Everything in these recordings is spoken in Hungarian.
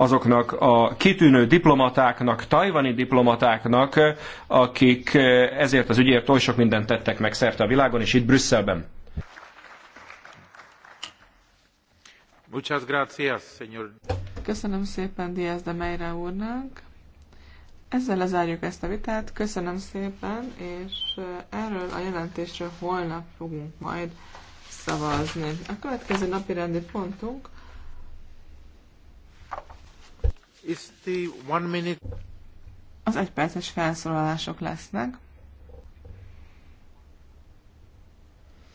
azoknak a kitűnő diplomatáknak, tajvani diplomatáknak, akik eh, ezért az ügyért oly sok mindent tettek meg szerte a világon, és itt Brüsszelben. Köszönöm szépen Diaz de úrnak. Ezzel lezárjuk ezt a vitát. Köszönöm szépen, és eh, erről a jelentésről holnap fogunk majd szavazni. A következő napi rendi pontunk Az egyperces felszólalások lesznek.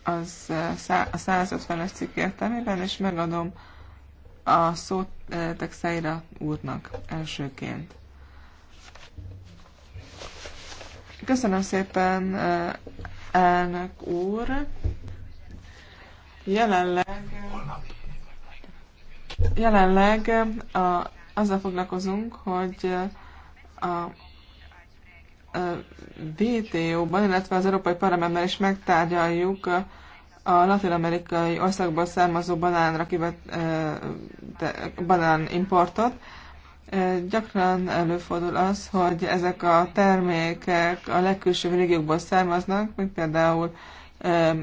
Az eh, a 150-es cikk értelmében, és megadom a szót eh, Texeira úrnak elsőként. Köszönöm szépen, eh, elnök úr. Jelenleg, jelenleg a azzal foglalkozunk, hogy a VTO-ban, illetve az Európai Parlamentben is megtárgyaljuk a latin-amerikai országból származó banánra kivett banán importot. Gyakran előfordul az, hogy ezek a termékek a legkülső régiókból származnak, mint például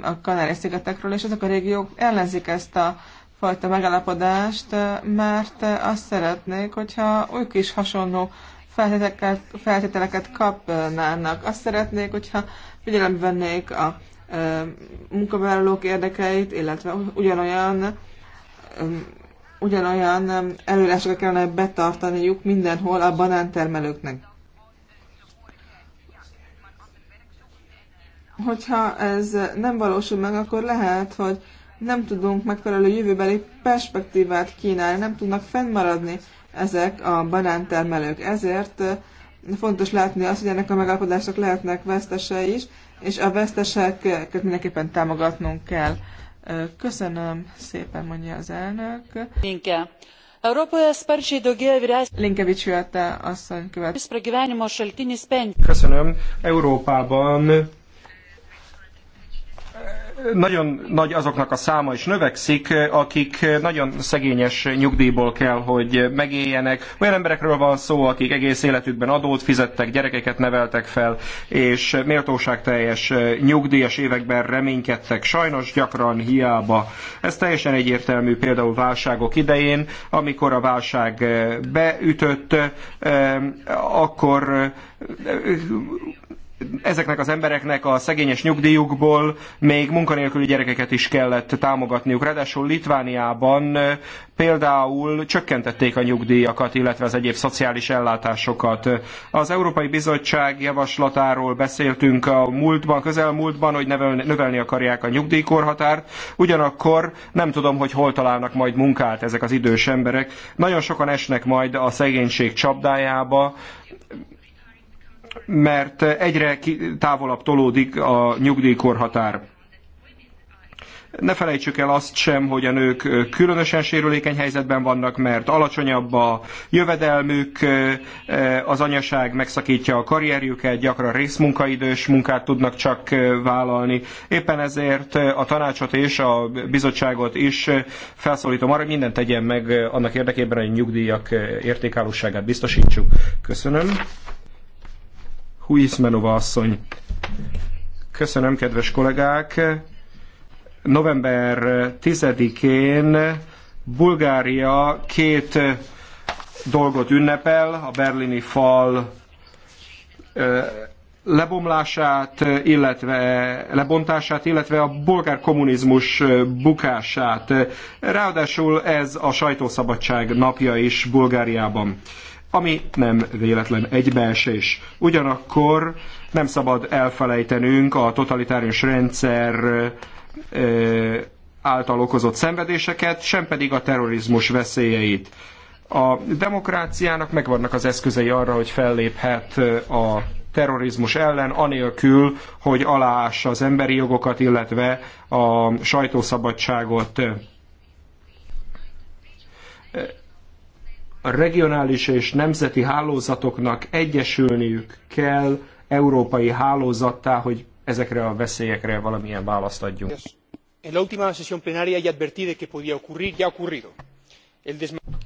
a Kanári-szigetekről, és ezek a régiók ellenzik ezt a fajta megállapodást, mert azt szeretnék, hogyha ők is hasonló feltételeket, feltételeket kapnának. Azt szeretnék, hogyha figyelembe vennék a munkavállalók érdekeit, illetve ugyanolyan ugyanolyan előírásokat kellene betartaniuk mindenhol a banántermelőknek. Hogyha ez nem valósul meg, akkor lehet, hogy nem tudunk megfelelő jövőbeli perspektívát kínálni, nem tudnak fennmaradni ezek a banántermelők. Ezért fontos látni azt, hogy ennek a megállapodásnak lehetnek vesztesei is, és a veszteseket mindenképpen támogatnunk kell. Köszönöm szépen, mondja az elnök. Linke. Europoje sparčiai asszony követ. Köszönöm. Európában nagyon nagy azoknak a száma is növekszik, akik nagyon szegényes nyugdíjból kell, hogy megéljenek. Olyan emberekről van szó, akik egész életükben adót fizettek, gyerekeket neveltek fel, és méltóságteljes eh, nyugdíjas években reménykedtek, sajnos gyakran hiába. Ez teljesen egyértelmű például válságok idején, amikor a válság eh, beütött, eh, akkor ezeknek az embereknek a szegényes nyugdíjukból még munkanélküli gyerekeket is kellett támogatniuk. Ráadásul Litvániában például csökkentették a nyugdíjakat, illetve az egyéb szociális ellátásokat. Az Európai Bizottság javaslatáról beszéltünk a múltban, közelmúltban, hogy növelni akarják a nyugdíjkorhatárt, ugyanakkor nem tudom, hogy hol találnak majd munkát ezek az idős emberek. Nagyon sokan esnek majd a szegénység csapdájába, mert egyre távolabb tolódik a nyugdíjkorhatár. Ne felejtsük el azt sem, hogy a nők különösen sérülékeny helyzetben vannak, mert alacsonyabb a jövedelmük, az anyaság megszakítja a karrierjüket, gyakran részmunkaidős munkát tudnak csak vállalni. Éppen ezért a tanácsot és a bizottságot is felszólítom arra, hogy mindent tegyen meg annak érdekében, hogy nyugdíjak értékállóságát biztosítsuk. Köszönöm. Huismenova asszony. Köszönöm, kedves kollégák! November 10-én Bulgária két dolgot ünnepel, a berlini fal lebomlását, illetve lebontását, illetve a bolgár kommunizmus bukását. Ráadásul ez a sajtószabadság napja is Bulgáriában ami nem véletlen egybeesés. Ugyanakkor nem szabad elfelejtenünk a totalitárius rendszer által okozott szenvedéseket, sem pedig a terrorizmus veszélyeit. A demokráciának megvannak az eszközei arra, hogy felléphet a terrorizmus ellen, anélkül, hogy aláássa az emberi jogokat, illetve a sajtószabadságot a regionális és nemzeti hálózatoknak egyesülniük kell európai hálózattá, hogy ezekre a veszélyekre valamilyen választ adjunk. En la última sesión plenaria ya advertí de que podía ocurrir, ya ha ocurrido.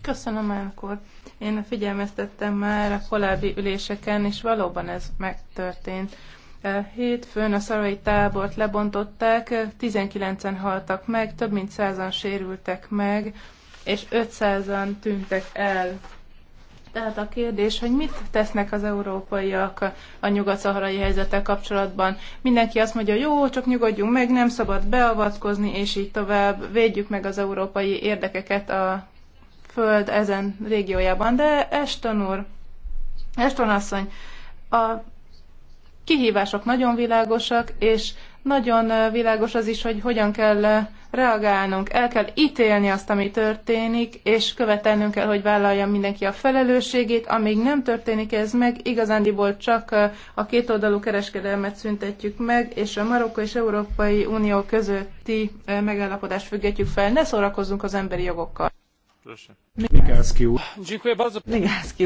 Köszönöm, elnök úr. Én figyelmeztettem már a korábbi üléseken, és valóban ez megtörtént. E, hétfőn a szarai tábort lebontották, 19-en haltak meg, több mint százan sérültek meg, és 500-an tűntek el. Tehát a kérdés, hogy mit tesznek az európaiak a nyugat-szaharai helyzetek kapcsolatban. Mindenki azt mondja, jó, csak nyugodjunk meg, nem szabad beavatkozni, és így tovább, védjük meg az európai érdekeket a föld ezen régiójában. De Eston úr, Eston asszony, a kihívások nagyon világosak, és nagyon világos az is, hogy hogyan kell reagálnunk, el kell ítélni azt, ami történik, és követelnünk kell, hogy vállalja mindenki a felelősségét. Amíg nem történik ez meg, igazándiból csak a kétoldalú kereskedelmet szüntetjük meg, és a Marokko és Európai Unió közötti megállapodást függetjük fel. Ne szórakozzunk az emberi jogokkal. Migászki úr.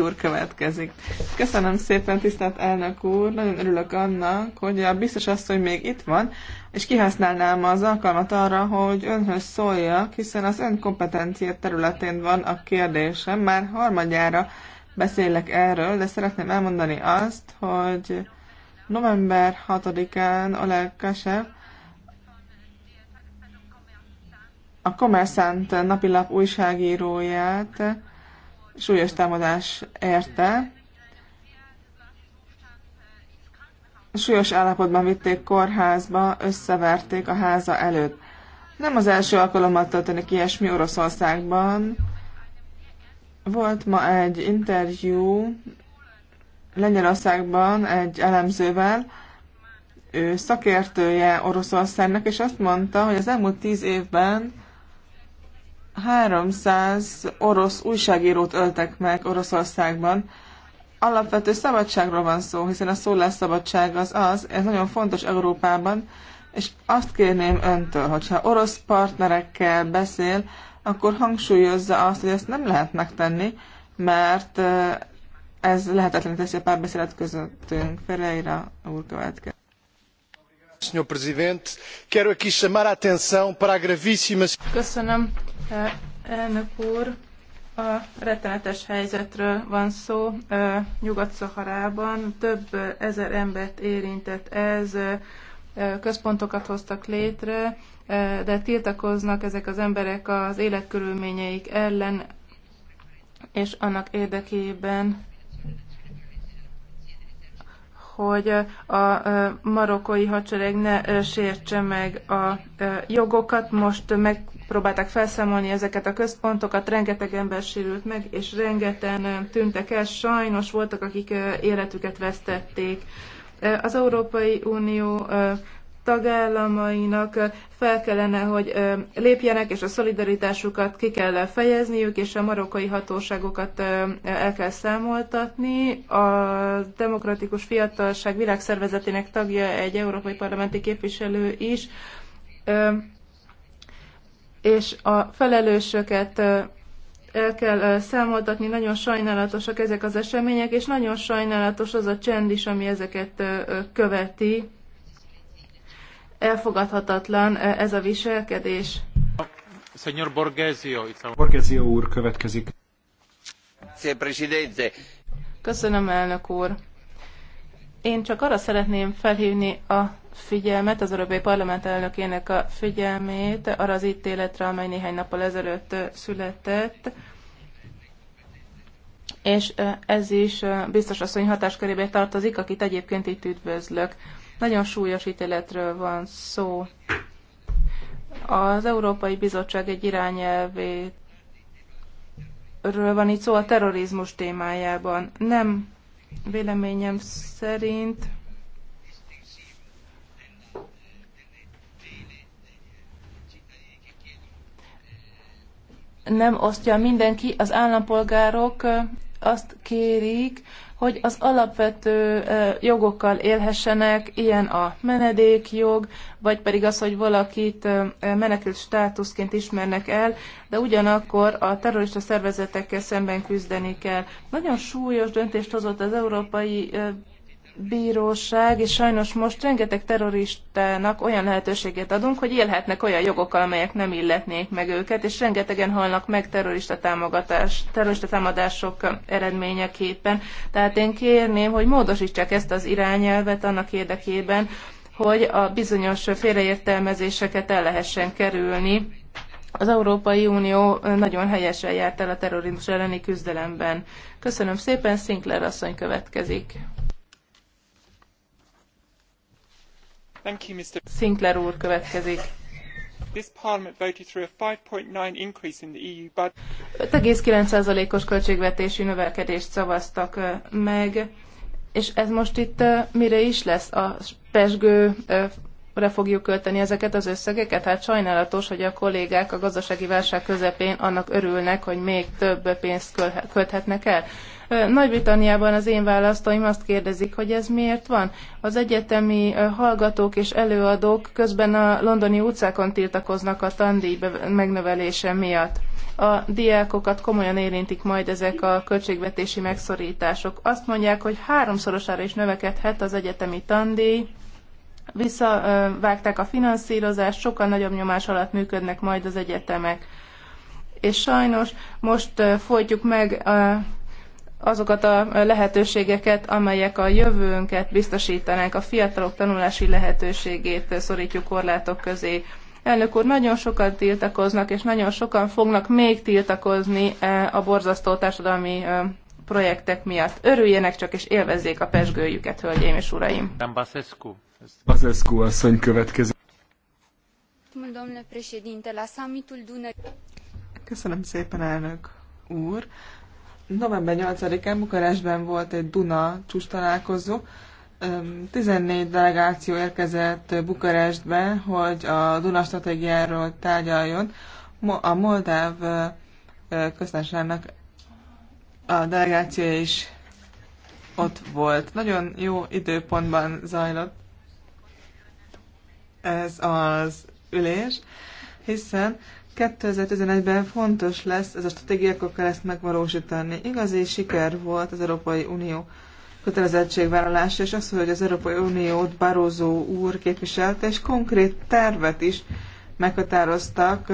úr következik. Köszönöm szépen, tisztelt elnök úr. Nagyon örülök annak, hogy a biztos asszony még itt van, és kihasználnám az alkalmat arra, hogy önhöz szóljak, hiszen az ön kompetencia területén van a kérdésem. Már harmadjára beszélek erről, de szeretném elmondani azt, hogy november 6-án Oleg Kasev a Kommerszent napilap újságíróját súlyos támadás érte. Súlyos állapotban vitték kórházba, összeverték a háza előtt. Nem az első alkalommal történik ilyesmi Oroszországban. Volt ma egy interjú Lengyelországban egy elemzővel, ő szakértője Oroszországnak, és azt mondta, hogy az elmúlt tíz évben 300 orosz újságírót öltek meg Oroszországban. Alapvető szabadságról van szó, hiszen a szólásszabadság az az, ez nagyon fontos Európában, és azt kérném öntől, hogyha orosz partnerekkel beszél, akkor hangsúlyozza azt, hogy ezt nem lehet megtenni, mert ez lehetetlen teszi a párbeszélet közöttünk. Ferreira úr következik. Köszönöm. Elnök úr, a rettenetes helyzetről van szó Nyugat-Szaharában. Több ezer embert érintett ez, központokat hoztak létre, de tiltakoznak ezek az emberek az életkörülményeik ellen, és annak érdekében, hogy a marokkói hadsereg ne sértse meg a jogokat. Most megpróbálták felszámolni ezeket a központokat, rengeteg ember sérült meg, és rengeten tűntek el. Sajnos voltak, akik életüket vesztették. Az Európai Unió tagállamainak fel kellene, hogy lépjenek, és a szolidaritásukat ki kell fejezniük, és a marokkai hatóságokat el kell számoltatni. A Demokratikus Fiatalság Világszervezetének tagja egy európai parlamenti képviselő is, és a felelősöket el kell számoltatni, nagyon sajnálatosak ezek az események, és nagyon sajnálatos az a csend is, ami ezeket követi elfogadhatatlan ez a viselkedés. Señor Borgesio, Borgesio úr következik. Köszönöm, elnök úr. Én csak arra szeretném felhívni a figyelmet, az Európai Parlament elnökének a figyelmét arra az ítéletre, amely néhány nappal ezelőtt született, és ez is biztos asszony hatáskörébe tartozik, akit egyébként itt üdvözlök. Nagyon súlyos ítéletről van szó. Az Európai Bizottság egy irányelvét van itt szó a terrorizmus témájában. Nem véleményem szerint nem osztja mindenki, az állampolgárok azt kérik, hogy az alapvető jogokkal élhessenek, ilyen a menedékjog, vagy pedig az, hogy valakit menekült státuszként ismernek el, de ugyanakkor a terrorista szervezetekkel szemben küzdeni kell. Nagyon súlyos döntést hozott az Európai bíróság, és sajnos most rengeteg terroristának olyan lehetőséget adunk, hogy élhetnek olyan jogokkal, amelyek nem illetnék meg őket, és rengetegen halnak meg terrorista, támogatás, terrorista támadások eredményeképpen. Tehát én kérném, hogy módosítsák ezt az irányelvet annak érdekében, hogy a bizonyos félreértelmezéseket el lehessen kerülni. Az Európai Unió nagyon helyesen járt el a terrorizmus elleni küzdelemben. Köszönöm szépen, Sinclair asszony következik. Thank you, Mr. Sinclair úr következik. This parliament voted through a 5.9 increase in the EU budget. 5,9%-os költségvetési növekedést szavaztak meg, és ez most itt mire is lesz a pesgő mikorra fogjuk költeni ezeket az összegeket? Hát sajnálatos, hogy a kollégák a gazdasági válság közepén annak örülnek, hogy még több pénzt költhetnek el. Nagy-Britanniában az én választóim azt kérdezik, hogy ez miért van. Az egyetemi hallgatók és előadók közben a londoni utcákon tiltakoznak a tandíj megnövelése miatt. A diákokat komolyan érintik majd ezek a költségvetési megszorítások. Azt mondják, hogy háromszorosára is növekedhet az egyetemi tandíj, visszavágták a finanszírozást, sokkal nagyobb nyomás alatt működnek majd az egyetemek. És sajnos most folytjuk meg azokat a lehetőségeket, amelyek a jövőnket biztosítanánk, a fiatalok tanulási lehetőségét szorítjuk korlátok közé. Elnök úr, nagyon sokan tiltakoznak, és nagyon sokan fognak még tiltakozni a borzasztó társadalmi projektek miatt. Örüljenek csak, és élvezzék a pesgőjüket, hölgyeim és uraim! Dambaszescu. La summitul következik. Köszönöm szépen, elnök úr. November 8-án Bukarestben volt egy Duna csúcs találkozó. 14 delegáció érkezett Bukarestbe, hogy a Duna stratégiáról tárgyaljon. A Moldáv köztársaságnak a delegáció is ott volt. Nagyon jó időpontban zajlott ez az ülés, hiszen 2011-ben fontos lesz ez a stratégiákkal kell ezt megvalósítani. Igazi siker volt az Európai Unió kötelezettségvállalása, és az, hogy az Európai Uniót Barózó úr képviselte, és konkrét tervet is meghatároztak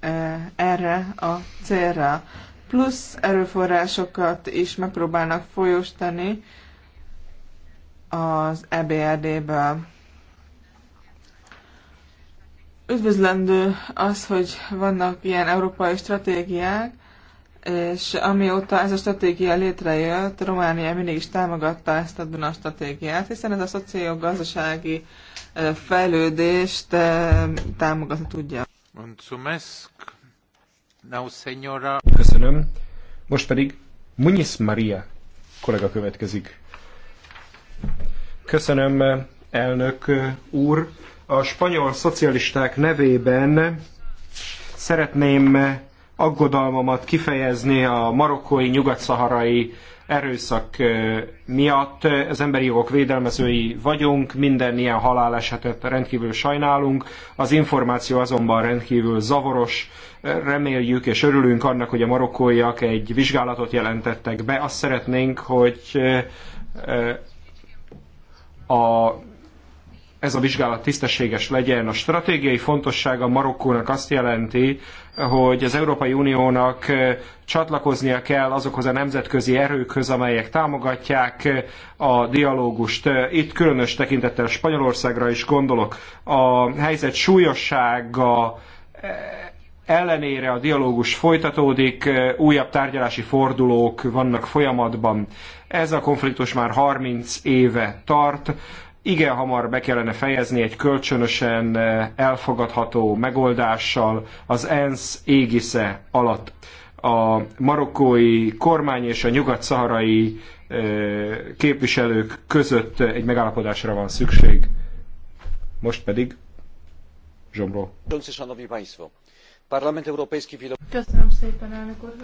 eh, erre a célra. Plusz erőforrásokat is megpróbálnak folyósítani az EBRD-ből. Üdvözlendő az, hogy vannak ilyen európai stratégiák, és amióta ez a stratégia létrejött, Románia mindig is támogatta ezt a Duna stratégiát, hiszen ez a szociogazdasági fejlődést támogatni tudja. Köszönöm. Most pedig Muniz Maria kollega következik. Köszönöm, elnök úr a spanyol szocialisták nevében szeretném aggodalmamat kifejezni a marokkói nyugat-szaharai erőszak miatt. Az emberi jogok védelmezői vagyunk, minden ilyen halálesetet rendkívül sajnálunk. Az információ azonban rendkívül zavaros. Reméljük és örülünk annak, hogy a marokkóiak egy vizsgálatot jelentettek be. Azt szeretnénk, hogy a ez a vizsgálat tisztességes legyen. A stratégiai fontossága Marokkónak azt jelenti, hogy az Európai Uniónak eh, csatlakoznia kell azokhoz a nemzetközi erőkhöz, amelyek támogatják eh, a dialógust. Eh, itt különös tekintettel Spanyolországra is gondolok. A helyzet súlyossága ellenére a dialógus folytatódik, újabb tárgyalási fordulók vannak folyamatban. Ez a konfliktus már 30 éve tart igen hamar be kellene fejezni egy kölcsönösen eh, elfogadható megoldással az ENSZ égisze alatt. A marokkói kormány és a nyugat-szaharai eh, képviselők között egy megállapodásra van szükség. Most pedig Zsomró. Köszönöm szépen, elnök úr.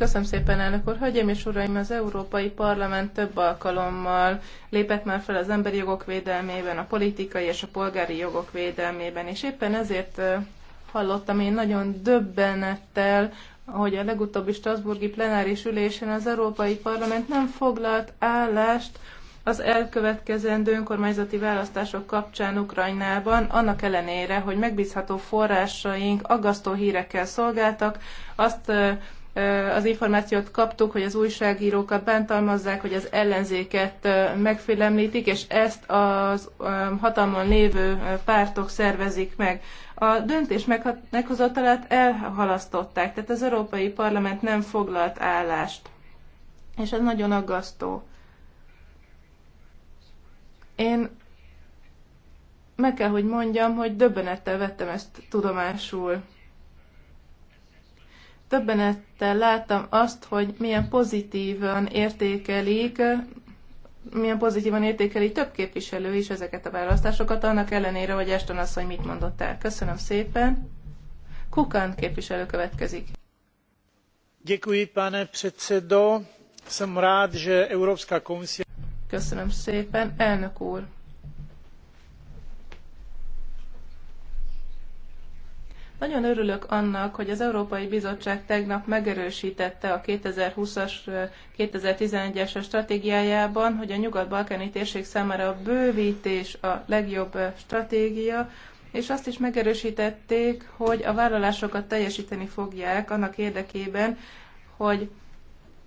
Köszönöm szépen, elnök úr. Hölgyeim és uraim, az Európai Parlament több alkalommal lépett már fel az emberi jogok védelmében, a politikai és a polgári jogok védelmében, és éppen ezért hallottam én nagyon döbbenettel, hogy a legutóbbi Strasburgi plenáris ülésen az Európai Parlament nem foglalt állást az elkövetkezendő önkormányzati választások kapcsán Ukrajnában, annak ellenére, hogy megbízható forrásaink aggasztó hírekkel szolgáltak, azt az információt kaptuk, hogy az újságírókat bántalmazzák, hogy az ellenzéket megfélemlítik, és ezt az hatalmon lévő pártok szervezik meg. A döntés meghozatalát elhalasztották, tehát az Európai Parlament nem foglalt állást. És ez nagyon aggasztó. Én meg kell, hogy mondjam, hogy döbbenettel vettem ezt tudomásul többenettel láttam azt, hogy milyen pozitívan értékelik milyen pozitívan értékeli több képviselő is ezeket a választásokat, annak ellenére, hogy Eston asszony mit mondott el. Köszönöm szépen. Kukan képviselő következik. Děkuji, pane předsedo. Jsem rád, že Evropská Köszönöm szépen, elnök úr. Nagyon örülök annak, hogy az Európai Bizottság tegnap megerősítette a 2020-as, 2011-es stratégiájában, hogy a nyugat-balkáni térség számára a bővítés a legjobb stratégia, és azt is megerősítették, hogy a vállalásokat teljesíteni fogják annak érdekében, hogy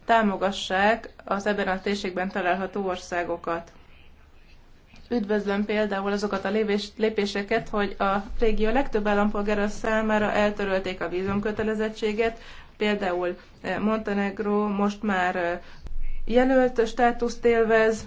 támogassák az ebben a térségben található országokat. Üdvözlöm például azokat a lépéseket, hogy a régió legtöbb állampolgára számára eltörölték a vízumkötelezettséget, például eh, Montenegro most már eh, jelölt státuszt élvez,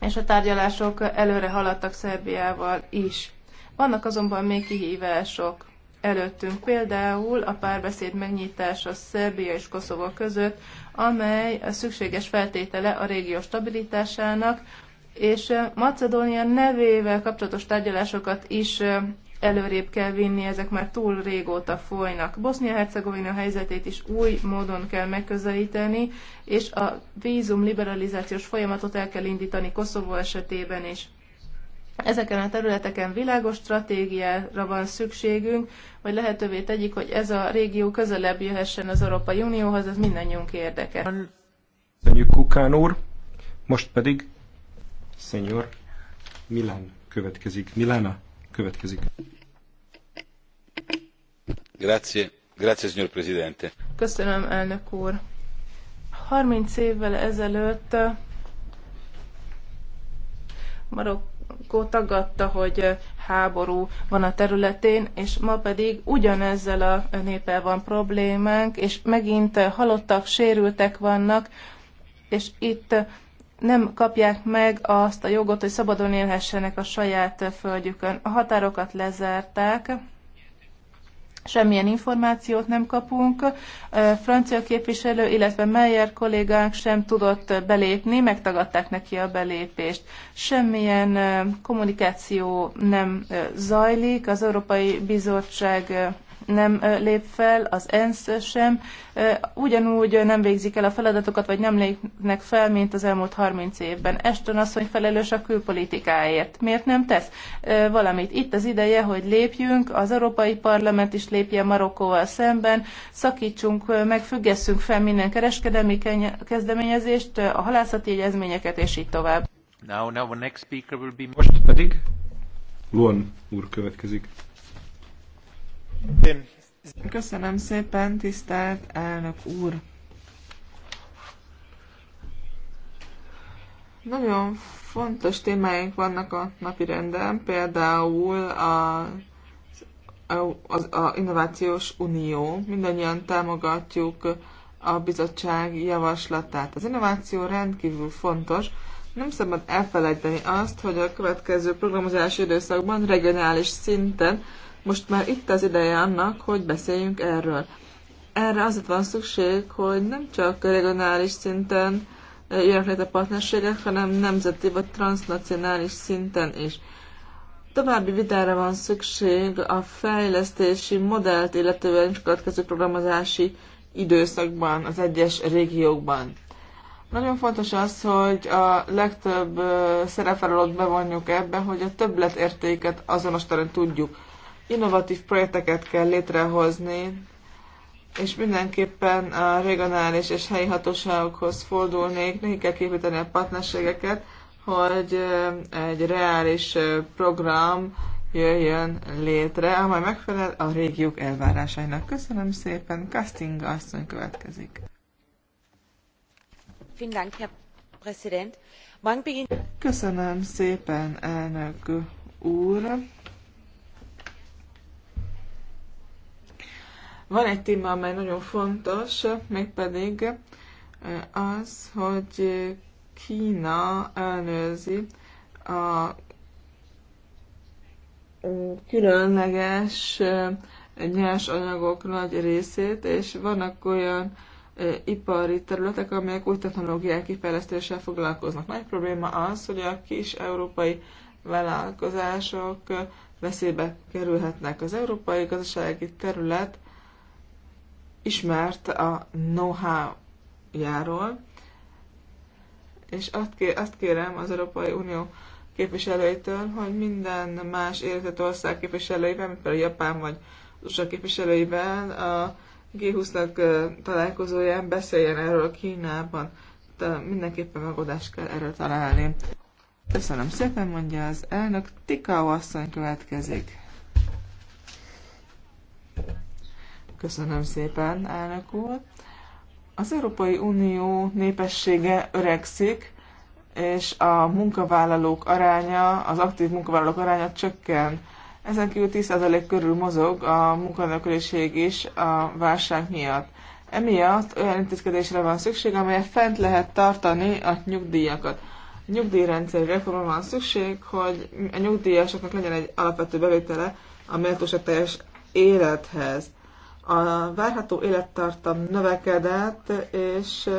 és a tárgyalások előre haladtak Szerbiával is. Vannak azonban még kihívások előttünk, például a párbeszéd megnyitása Szerbia és Koszovó között, amely a szükséges feltétele a régió stabilitásának, és Macedónia nevével kapcsolatos tárgyalásokat is előrébb kell vinni, ezek már túl régóta folynak. Bosznia-Hercegovina helyzetét is új módon kell megközelíteni, és a vízum liberalizációs folyamatot el kell indítani Koszovó esetében is. Ezeken a területeken világos stratégiára van szükségünk, hogy lehetővé tegyük, hogy ez a régió közelebb jöhessen az Európai Unióhoz, ez mindannyiunk érdeke. Köszönjük, Kukán úr! Most pedig Szenyor, Milán következik. Milána következik. Grazie, grazie signor Presidente. Köszönöm, elnök úr. 30 évvel ezelőtt eh, Marokkó tagadta, hogy eh, háború van a területén, és ma pedig ugyanezzel a néppel van problémánk, és megint eh, halottak, sérültek vannak, és itt nem kapják meg azt a jogot, hogy szabadon élhessenek a saját földjükön. A határokat lezárták, semmilyen információt nem kapunk. Francia képviselő, illetve Meyer kollégánk sem tudott belépni, megtagadták neki a belépést. Semmilyen kommunikáció nem zajlik, az Európai Bizottság nem lép fel, az ENSZ sem, ugyanúgy nem végzik el a feladatokat, vagy nem lépnek fel, mint az elmúlt 30 évben. Eston asszony felelős a külpolitikáért. Miért nem tesz valamit? Itt az ideje, hogy lépjünk, az Európai Parlament is lépje Marokkóval szemben, szakítsunk meg, függesszünk fel minden kereskedelmi kezdeményezést, a halászati jegyezményeket, és így tovább. Now, now, next speaker will be... Most pedig Luan úr következik. Köszönöm szépen, tisztelt elnök úr! Nagyon fontos témáink vannak a napi renden, például a, az a Innovációs Unió. Mindannyian támogatjuk a bizottság javaslatát. Az innováció rendkívül fontos. Nem szabad elfelejteni azt, hogy a következő programozási időszakban regionális szinten most már itt az ideje annak, hogy beszéljünk erről. Erre azért van szükség, hogy nem csak regionális szinten jönnek létre partnerségek, hanem nemzeti vagy transnacionális szinten is. További vitára van szükség a fejlesztési modellt, illetően a következő programozási időszakban, az egyes régiókban. Nagyon fontos az, hogy a legtöbb szerepelőt bevonjuk ebbe, hogy a többletértéket azonosítani tudjuk innovatív projekteket kell létrehozni, és mindenképpen a regionális és helyi hatóságokhoz fordulnék, nekik kell képíteni a partnerségeket, hogy egy reális program jöjjön létre, amely megfelel a régiók elvárásainak. Köszönöm szépen, Casting asszony következik. Köszönöm szépen, elnök úr! Van egy téma, amely nagyon fontos, mégpedig az, hogy Kína elnőzi a különleges nyers anyagok nagy részét, és vannak olyan ipari területek, amelyek új technológiák kifejlesztéssel foglalkoznak. Nagy probléma az, hogy a kis európai vállalkozások veszélybe kerülhetnek. Az európai gazdasági terület ismert a know-how-járól, és azt kérem az Európai Unió képviselőitől, hogy minden más érintett ország képviselőivel, mint például Japán vagy USA képviselőivel a G20-nak találkozóján beszéljen erről Kínában. De mindenképpen megoldást kell erről találni. Köszönöm szépen, mondja az elnök. Tikau asszony következik. Köszönöm szépen, elnök úr. Az Európai Unió népessége öregszik, és a munkavállalók aránya, az aktív munkavállalók aránya csökken. Ezen kívül 10% körül mozog a munkanélküliség is a válság miatt. Emiatt olyan intézkedésre van szükség, amelyet fent lehet tartani a nyugdíjakat. A nyugdíjrendszeri reformra van szükség, hogy a nyugdíjasoknak legyen egy alapvető bevétele a méltóság teljes élethez. A várható élettartam növekedett, és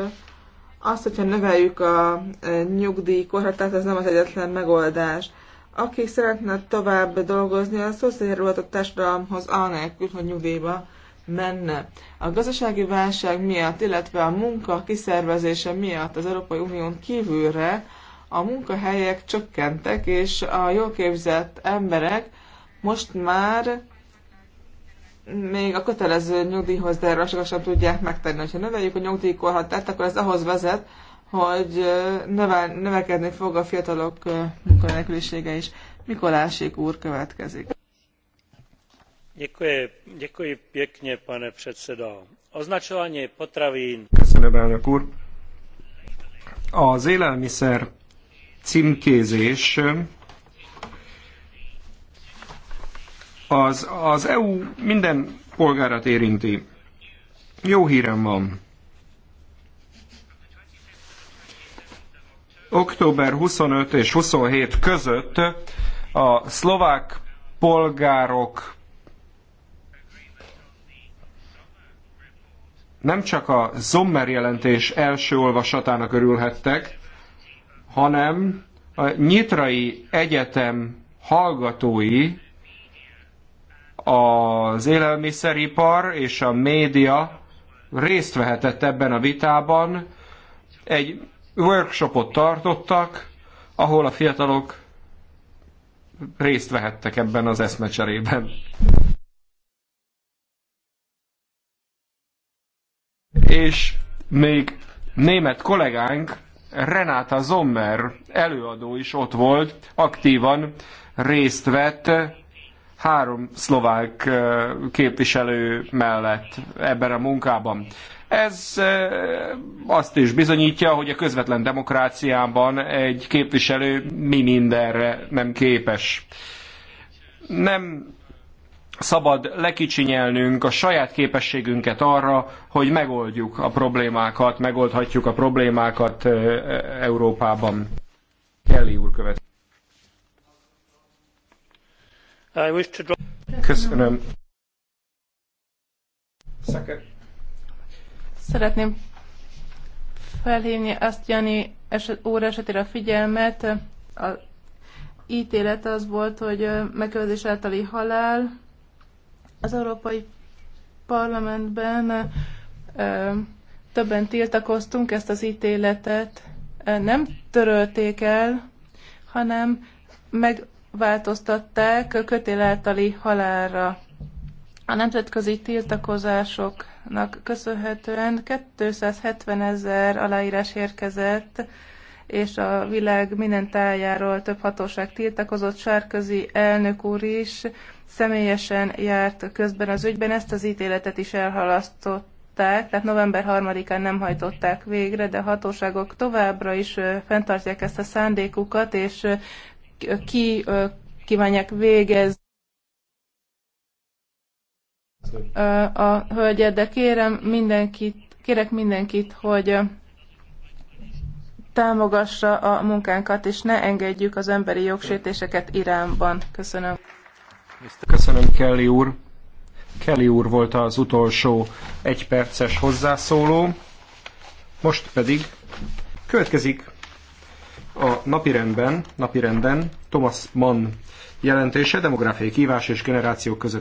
azt, hogyha növeljük a e, tehát ez nem az egyetlen megoldás. Aki szeretne tovább dolgozni, az hozzájárulhat a társadalomhoz anélkül, hogy nyugdíjba menne. A gazdasági válság miatt, illetve a munka kiszervezése miatt az Európai Unión kívülre a munkahelyek csökkentek, és a jól képzett emberek most már még a kötelező nyugdíjhoz derülásokra sem tudják megtenni. Ha növeljük a nyugdíjkorhatárt, akkor ez ahhoz vezet, hogy növel, növekedni fog a fiatalok munkanélkülisége is. Mikolásik úr következik. děkuji pěkně, pane předsedo. Označování potravín. Köszönöm, elnök úr. Az élelmiszer címkézés az, az EU minden polgárat érinti. Jó hírem van. Október 25 és 27 között a szlovák polgárok nem csak a zommer jelentés első olvasatának örülhettek, hanem a Nyitrai Egyetem hallgatói az élelmiszeripar és a média részt vehetett ebben a vitában. Egy workshopot tartottak, ahol a fiatalok részt vehettek ebben az eszmecserében. És még német kollégánk Renáta Zommer előadó is ott volt, aktívan részt vett három szlovák képviselő mellett ebben a munkában. Ez azt is bizonyítja, hogy a közvetlen demokráciában egy képviselő mi mindenre nem képes. Nem szabad lekicsinyelnünk a saját képességünket arra, hogy megoldjuk a problémákat, megoldhatjuk a problémákat Európában. Kelly úr következik. Köszönöm. Szeretném felhívni azt Jani eset, óra esetére a figyelmet. A ítélet az volt, hogy megkövezés általi halál az Európai Parlamentben többen tiltakoztunk ezt az ítéletet, nem törölték el, hanem meg változtatták kötél általi halálra. A nemzetközi tiltakozásoknak köszönhetően 270 ezer aláírás érkezett, és a világ minden tájáról több hatóság tiltakozott. Sárközi elnök úr is személyesen járt közben az ügyben, ezt az ítéletet is elhalasztott tehát november 3-án nem hajtották végre, de a hatóságok továbbra is fenntartják ezt a szándékukat, és ki kívánják végezni a hölgyet, de kérem mindenkit, kérek mindenkit, hogy támogassa a munkánkat, és ne engedjük az emberi jogsértéseket Iránban. Köszönöm. Köszönöm, Kelly úr. Kelly úr volt az utolsó egyperces hozzászóló. Most pedig következik a napirendben, napirenden Thomas Mann jelentése, demográfiai kívás és generációk közötti